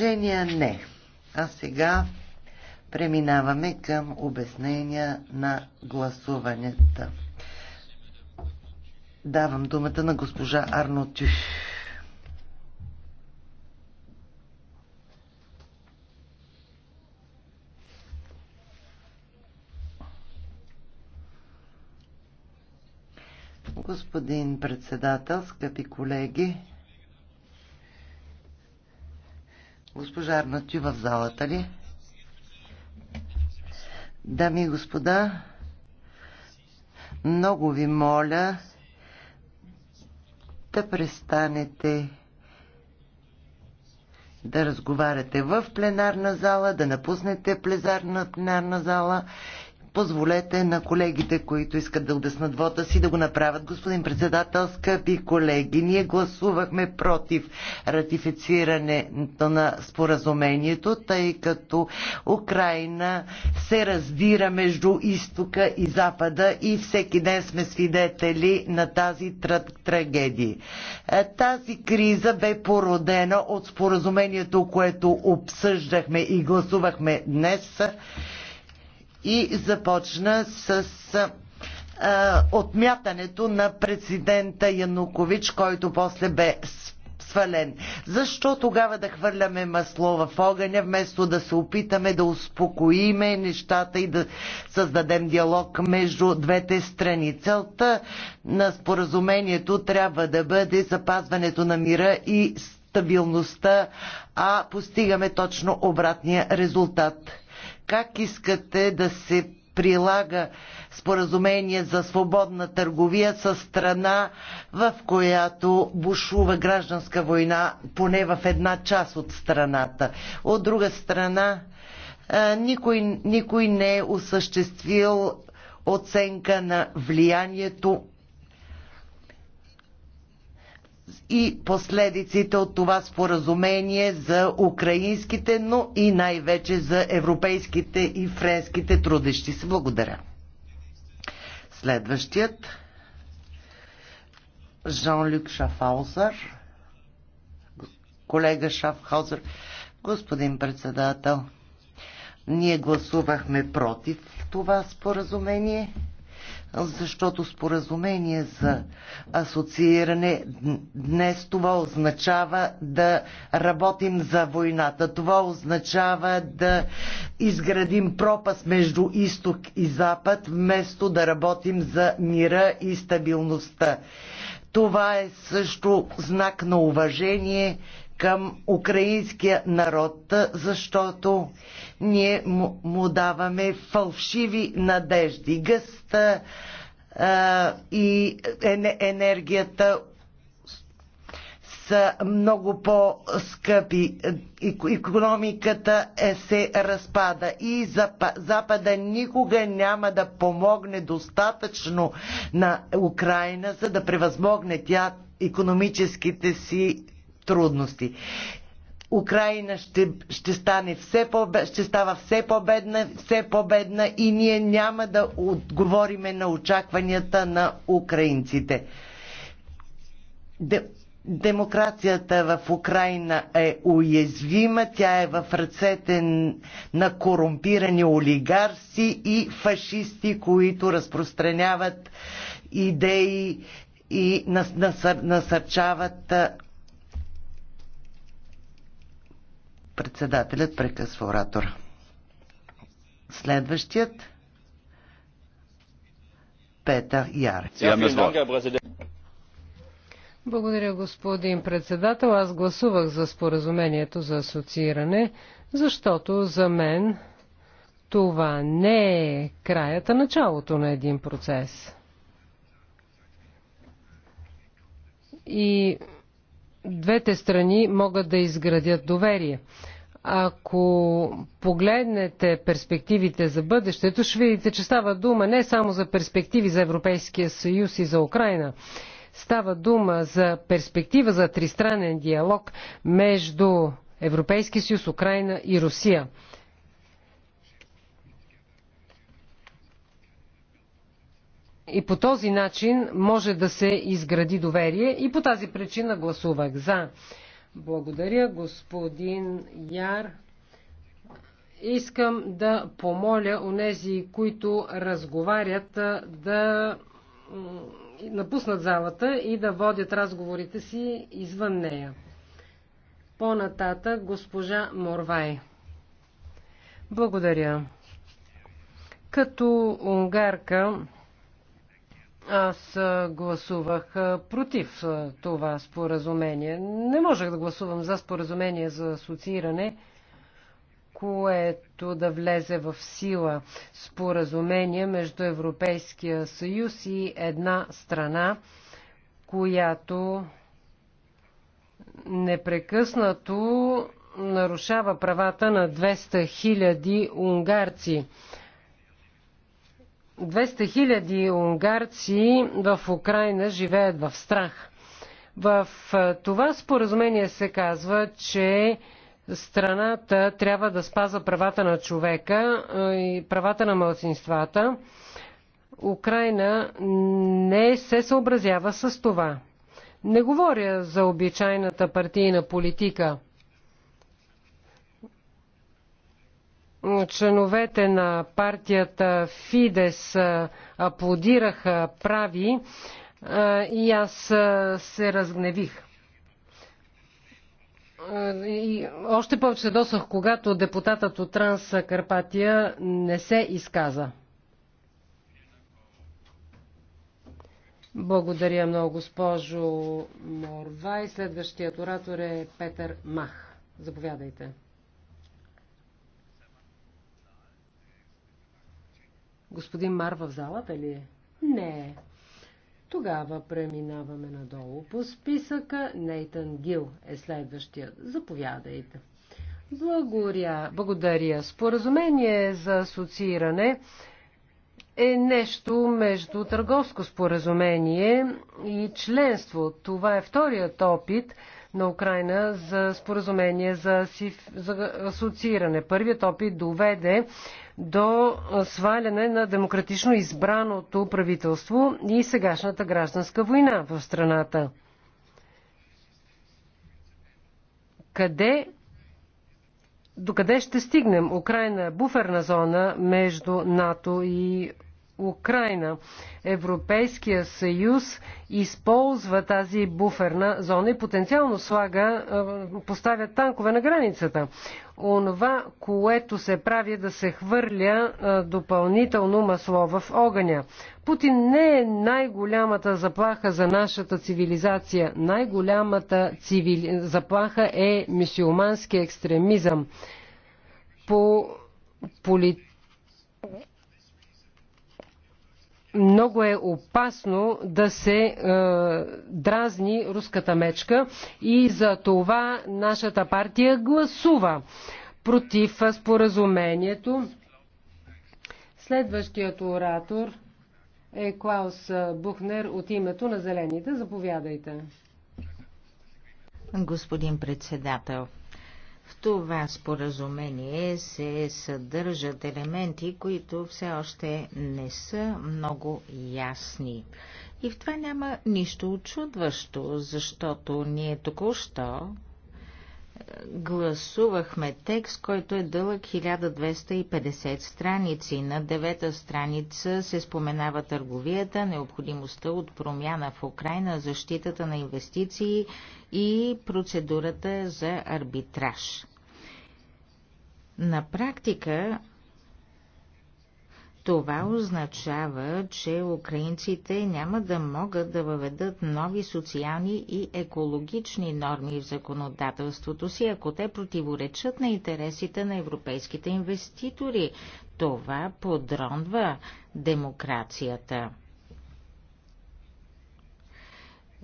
Възражения не. А сега преминаваме към обяснения на гласуванията. Давам думата на госпожа Арно Тюш. Господин председател, скъпи колеги, Госпожа Арнати в залата ли? Дами и господа, много ви моля да престанете да разговаряте в пленарна зала, да напуснете плезарна пленарна зала позволете на колегите, които искат да обяснат вота си, да го направят. Господин председател, скъпи колеги, ние гласувахме против ратифицирането на споразумението, тъй като Украина се раздира между изтока и запада и всеки ден сме свидетели на тази трагедия. Е, тази криза бе породена от споразумението, което обсъждахме и гласувахме днес и започна с отмятането на президента Янукович, който после бе свален. Защо тогава да хвърляме масло в огъня, вместо да се опитаме да успокоиме нещата и да създадем диалог между двете страни? Целта на споразумението трябва да бъде запазването на мира и стабилността, а постигаме точно обратния резултат. Как искате да се прилага споразумение за свободна търговия с страна, в която бушува гражданска война, поне в една част от страната. От друга страна, никой, никой не е осъществил оценка на влиянието и последиците от това споразумение за украинските, но и най-вече за европейските и френските трудещи се. Благодаря. Следващият Жан-Люк Шафаузър. Колега Шафхаузър, господин председател, ние гласувахме против това споразумение защото споразумение за асоцииране днес това означава да работим за войната. Това означава да изградим пропаст между изток и запад, вместо да работим за мира и стабилността. Това е също знак на уважение към украинския народ, защото ние му, даваме фалшиви надежди. Гъста а, и енергията са много по-скъпи. Економиката е, се разпада и Запада никога няма да помогне достатъчно на Украина, за да превъзмогне тя економическите си трудности. Украина ще, ще, стане все по, ще става все по-бедна, все по-бедна и ние няма да отговориме на очакванията на украинците. Де, демокрацията в Украина е уязвима, тя е в ръцете на корумпирани олигарси и фашисти, които разпространяват идеи и насърчават Председателят прекъсва оратора. Следващият Петър Яр. Благодаря, господин председател. Аз гласувах за споразумението за асоцииране, защото за мен това не е краята, началото на един процес. И двете страни могат да изградят доверие. Ако погледнете перспективите за бъдещето, ще видите, че става дума не само за перспективи за Европейския съюз и за Украина. Става дума за перспектива за тристранен диалог между Европейския съюз, Украина и Русия. И по този начин може да се изгради доверие и по тази причина гласувах за. Благодаря, господин Яр. Искам да помоля онези, които разговарят, да напуснат залата и да водят разговорите си извън нея. по нататък госпожа Морвай. Благодаря. Като унгарка, аз гласувах против това споразумение. Не можех да гласувам за споразумение за асоцииране, което да влезе в сила споразумение между Европейския съюз и една страна, която непрекъснато нарушава правата на 200 000 унгарци. 200 000 унгарци в Украина живеят в страх. В е, това споразумение се казва, че страната трябва да спаза правата на човека е, и правата на младсинствата. Украина не се съобразява с това. Не говоря за обичайната партийна политика – членовете на партията Фидес аплодираха прави и аз се разгневих. И още повече се досах, когато депутатът от Транскарпатия не се изказа. Благодаря много, госпожо Морвай. Следващият оратор е Петър Мах. Заповядайте. Господин Мар в залата ли е? Не. Тогава преминаваме надолу по списъка. Нейтан Гил е следващия. Заповядайте. Благодаря. Благодаря. Споразумение за асоцииране е нещо между търговско споразумение и членство. Това е вторият опит на Украина за споразумение за, сиф, за асоцииране. Първият опит доведе до сваляне на демократично избраното правителство и сегашната гражданска война в страната. Къде докъде ще стигнем? Украина е буферна зона между НАТО и Украина. Европейския съюз използва тази буферна зона и потенциално слага, поставя танкове на границата. Онова, което се прави е да се хвърля допълнително масло в огъня. Путин не е най-голямата заплаха за нашата цивилизация. Най-голямата цивили... заплаха е мисиомански екстремизъм. По полит много е опасно да се е, дразни руската мечка и за това нашата партия гласува против споразумението. Следващият оратор е Клаус Бухнер от името на Зелените. Заповядайте. Господин председател, в това споразумение се съдържат елементи, които все още не са много ясни. И в това няма нищо очудващо, защото ние току-що гласувахме текст, който е дълъг 1250 страници. На девета страница се споменава търговията, необходимостта от промяна в Украина, защитата на инвестиции и процедурата за арбитраж. На практика това означава, че украинците няма да могат да въведат нови социални и екологични норми в законодателството си, ако те противоречат на интересите на европейските инвеститори. Това подронва демокрацията.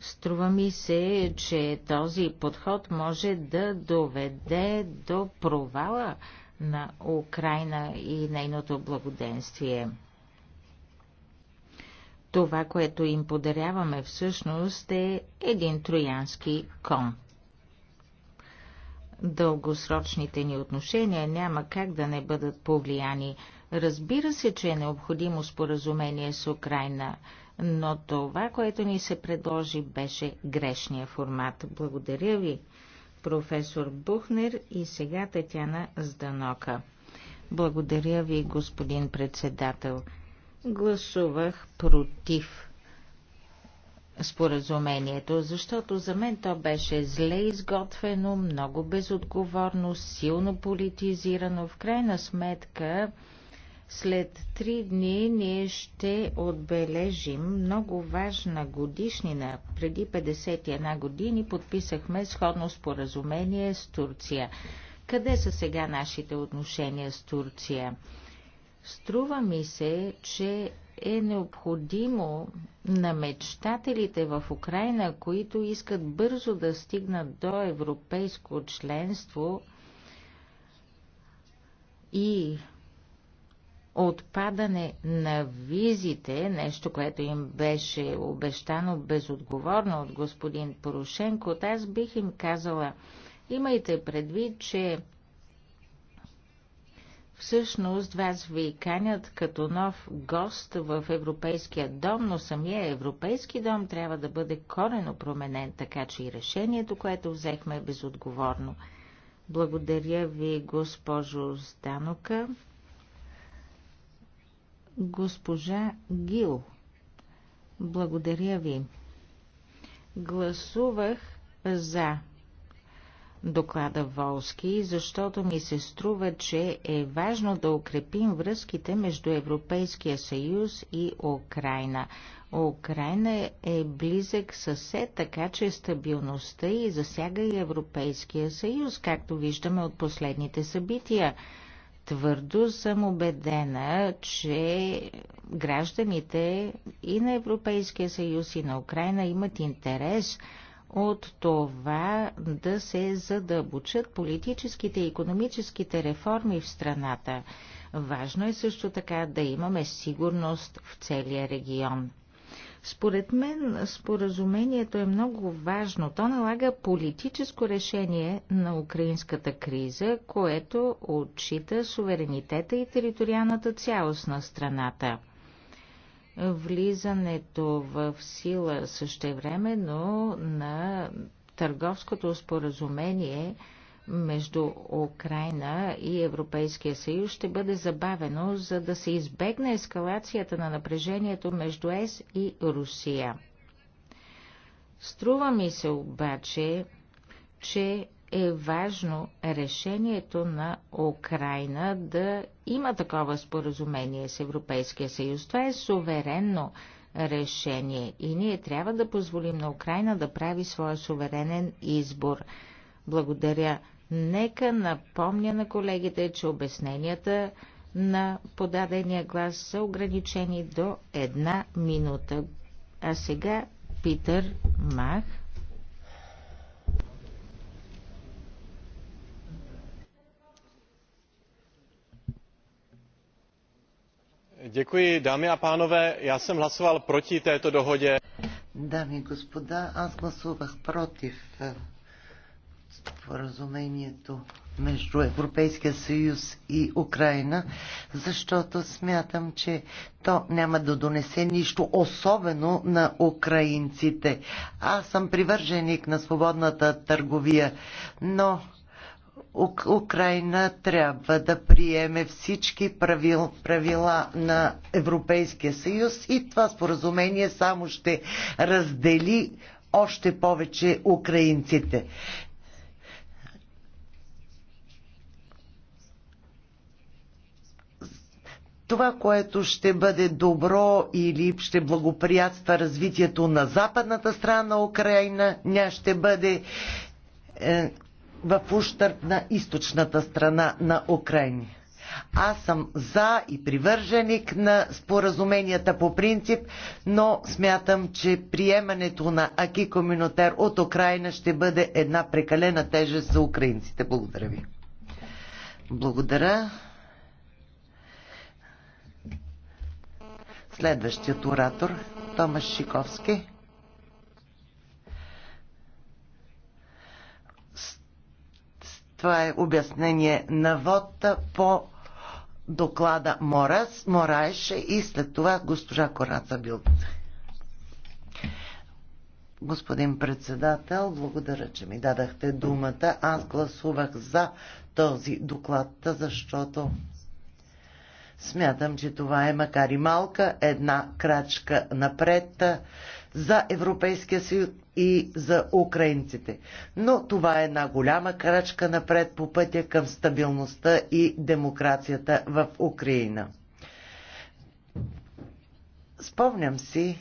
Струва ми се, че този подход може да доведе до провала на Украина и нейното благоденствие. Това, което им подаряваме всъщност е един троянски кон. Дългосрочните ни отношения няма как да не бъдат повлияни. Разбира се, че е необходимо споразумение с Украина, но това, което ни се предложи, беше грешния формат. Благодаря ви професор Бухнер и сега Татяна Зданока. Благодаря ви, господин председател. Гласувах против споразумението, защото за мен то беше зле изготвено, много безотговорно, силно политизирано. В крайна сметка след три дни ние ще отбележим много важна годишнина. Преди 51 години подписахме сходно споразумение с Турция. Къде са сега нашите отношения с Турция? Струва ми се, че е необходимо на мечтателите в Украина, които искат бързо да стигнат до европейско членство и отпадане на визите, нещо, което им беше обещано безотговорно от господин Порошенко, от аз бих им казала, имайте предвид, че всъщност вас ви канят като нов гост в Европейския дом, но самия Европейски дом трябва да бъде корено променен, така че и решението, което взехме е безотговорно. Благодаря ви, госпожо Станука. Госпожа Гил, благодаря ви. Гласувах за доклада Волски, защото ми се струва, че е важно да укрепим връзките между Европейския съюз и Украина. Украина е близък съсед, така че стабилността и засяга и Европейския съюз, както виждаме от последните събития. Твърдо съм убедена, че гражданите и на Европейския съюз и на Украина имат интерес от това да се задълбочат политическите и економическите реформи в страната. Важно е също така да имаме сигурност в целия регион. Според мен споразумението е много важно. То налага политическо решение на украинската криза, което отчита суверенитета и териториалната цялост на страната. Влизането в сила същевременно на търговското споразумение – между Украина и Европейския съюз ще бъде забавено, за да се избегне ескалацията на напрежението между ЕС и Русия. Струва ми се обаче, че е важно решението на Украина да има такова споразумение с Европейския съюз. Това е суверенно решение и ние трябва да позволим на Украина да прави своя суверенен избор. Благодаря Нека напомня на колегите, че обясненията на подадения глас са ограничени до една минута. А сега Питър Мах. Děkuji, dámy a pánové, já jsem hlasoval proti této dohodě. Dámy a господа, аз гласувах против споразумението между Европейския съюз и Украина, защото смятам, че то няма да донесе нищо особено на украинците. Аз съм привърженик на свободната търговия, но Украина трябва да приеме всички правил, правила на Европейския съюз и това споразумение само ще раздели още повече украинците. това, което ще бъде добро или ще благоприятства развитието на западната страна на Украина, ня ще бъде е, в ущърп на източната страна на Украина. Аз съм за и привърженик на споразуменията по принцип, но смятам, че приемането на Аки Коминотер от Украина ще бъде една прекалена тежест за украинците. Благодаря ви. Благодаря. Следващият оратор Томаш Шиковски. Това е обяснение на вода по доклада Морас, Мораеше и след това госпожа Кораца Билт. Господин председател, благодаря, че ми дадахте думата. Аз гласувах за този доклад, защото Смятам, че това е макар и малка една крачка напред за Европейския съюз и за украинците. Но това е една голяма крачка напред по пътя към стабилността и демокрацията в Украина. Спомням си,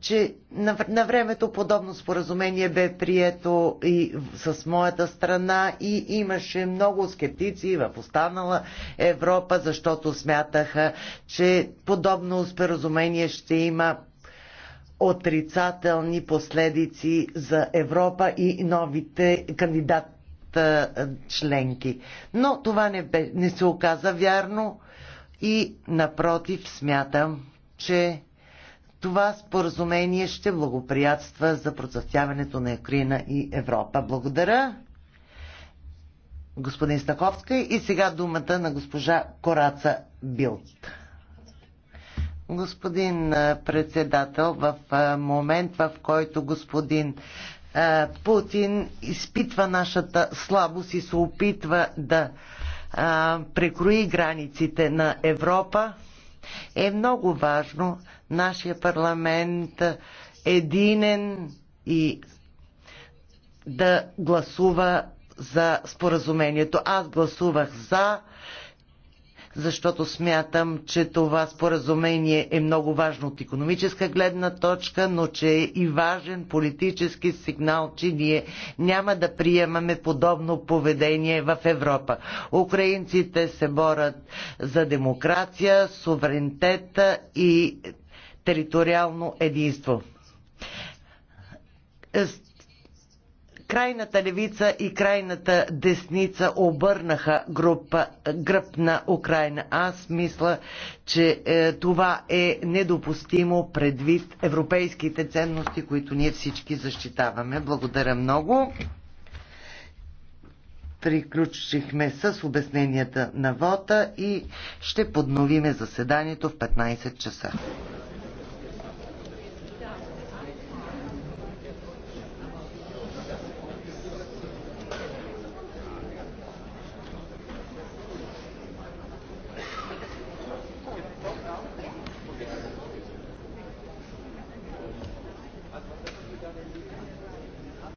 че на, времето подобно споразумение бе прието и с моята страна и имаше много скептици в останала Европа, защото смятаха, че подобно споразумение ще има отрицателни последици за Европа и новите кандидат членки. Но това не, бе, не се оказа вярно и напротив смятам, че това споразумение ще благоприятства за процъфтяването на Украина и Европа. Благодаря, господин Стаховска. И сега думата на госпожа Кораца Билт. Господин председател, в момент, в който господин Путин изпитва нашата слабост и се опитва да прекрои границите на Европа, е много важно нашия парламент единен и да гласува за споразумението. Аз гласувах за, защото смятам, че това споразумение е много важно от економическа гледна точка, но че е и важен политически сигнал, че ние няма да приемаме подобно поведение в Европа. Украинците се борят за демокрация, суверенитета и териториално единство. Крайната левица и крайната десница обърнаха група, гръб на Украина. Аз мисля, че е, това е недопустимо предвид европейските ценности, които ние всички защитаваме. Благодаря много. Приключихме с обясненията на вота и ще подновиме заседанието в 15 часа.